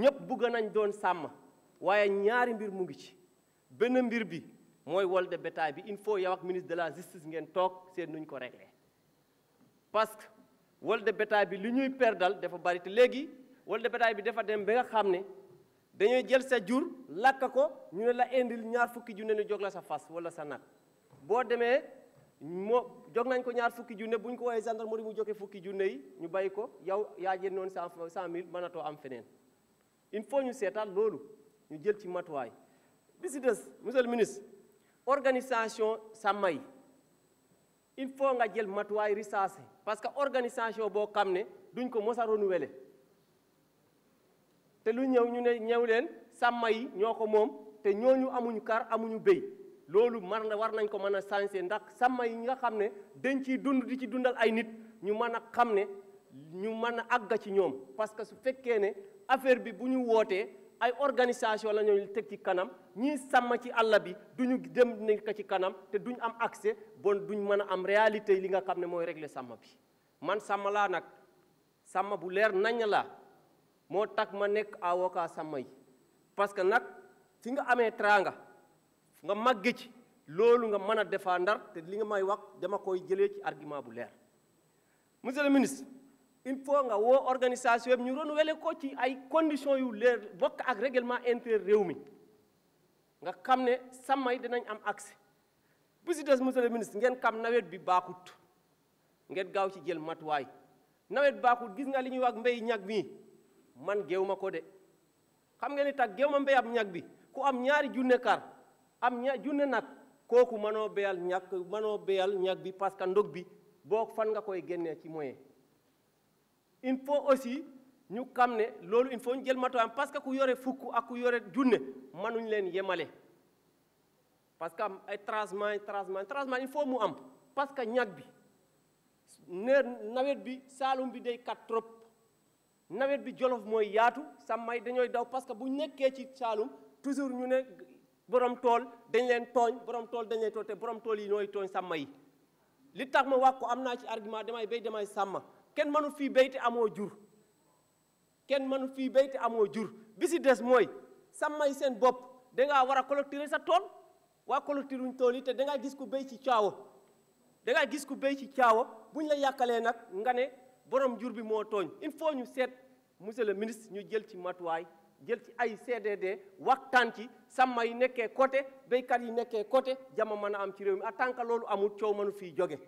ñëpp bëgg nañ doon sàmm waaye ñaari mbir mu ngi ci benn mbir bi mooy wol de bi il faut yow ak ministre de la justice ngeen toog seen nuñ ko régler parce que wol de bi li ñuy perdal dafa bari te léegi wol betaay bi dafa dem ba nga xam ne dañuy jël sa jur lakk ko ñu ne la indil ñaar fukki junne ñu jog la sa fas wala sa nag boo demee moo jog nañ ko ñaar fukki junne bu ñu ko woowee gendarmerie mu joge fukki junne yi ñu bàyyi ko yow yaa jël noonu cent mille mënatoo am feneen il faut ñu seetaan loolu ñu jël ci matuwaay bi si des monsieur ministre organisation sàmma yi il faut nga jël matuwaay recensé parce que organisation boo xam ne duñ ko mos a te lu ñëw ñu ne ñëw leen sàmma yi ñoo ko moom te ñooñu amuñu kar amuñu béy loolu mar na war nañ ko mën a sensé ndax sàmma yi nga xam ne dañ ciy dund di ci dundal ay nit ñu mën a xam ne ñu mën a àgga ci ñoom parce que su fekkee ne affaire bi bu ñu wootee ay organisation la ñoo teg ci kanam ñii sàmm ci àll bi duñu dem nekk ci kanam te duñ am accès bon duñ mën a am réalité li nga xam ne mooy régler sàmm bi man sàmm laa nag sàmm bu leer nañ laa moo tax ma nekk avocat sàmm yi parce que nag fi nga amee teraanga nga màgg ci loolu nga mën a défendre te li nga may wax dama koy jëlee ci argument bu leer monsieur ministre il faut nga woo organisation bi ñu renouveler ko ci ay conditions yu leer bokk ak règlement intérieur réew mi nga xam ne sàmmay dinañ am accès bu si des monsieur le ministre ngeen xam nawet bi baaxut ngeen gaaw ci jël matuwaay nawet baaxut gis nga li ñuy wax mbéy ñag mii man géew ma ko de xam nga ni tax géew ma mbéy am ñag bi ku am ñaari junne kar am ña junne nag kooku mënoo béyal ma noo béyal ñag bi parce que ndog bi boo fan nga koy génnee ci moyen il faut aussi ñu xam ne loolu il faut ñu jël matuwaayam parce que ku yore fukk ak ku yore junne mënuñ leen yemale parce que ay tracement tracement tracement il faut mu am parce que ñag bi neer nawet bi saalum bi dey kat trop nawet bi jolof mooy yaatu samay dañooy daw parce que bu nekkee ci saalum toujours ñu ne borom tool dañ leen tooñ borom tool dañ leen tooñ te borom tool yi ñooy tooñ sàmma li tax ma wax ko am naa ci argument damay béy damay sàmma kenn mënu fii béy te amoo jur kenn mënu fii béy te amoo jur bi si des mooy sàmmay seen bopp dangaa war a collecter sa tool waa collecter wuñ tool yi te dangaa gis ku béy ci caawa dangaa gis ku béy ci caawa buñ la yàkkalee nag nga ne borom jur bi moo tooñ il faut ñu seet monsieur le ministre ñu jël ci matuwaay jël ci ay CDD waxtaan ci sàmm yi nekkee côté béykat yi nekkee côté jama mën a am ci réew mi en tant que loolu amul coow mënu fii jóge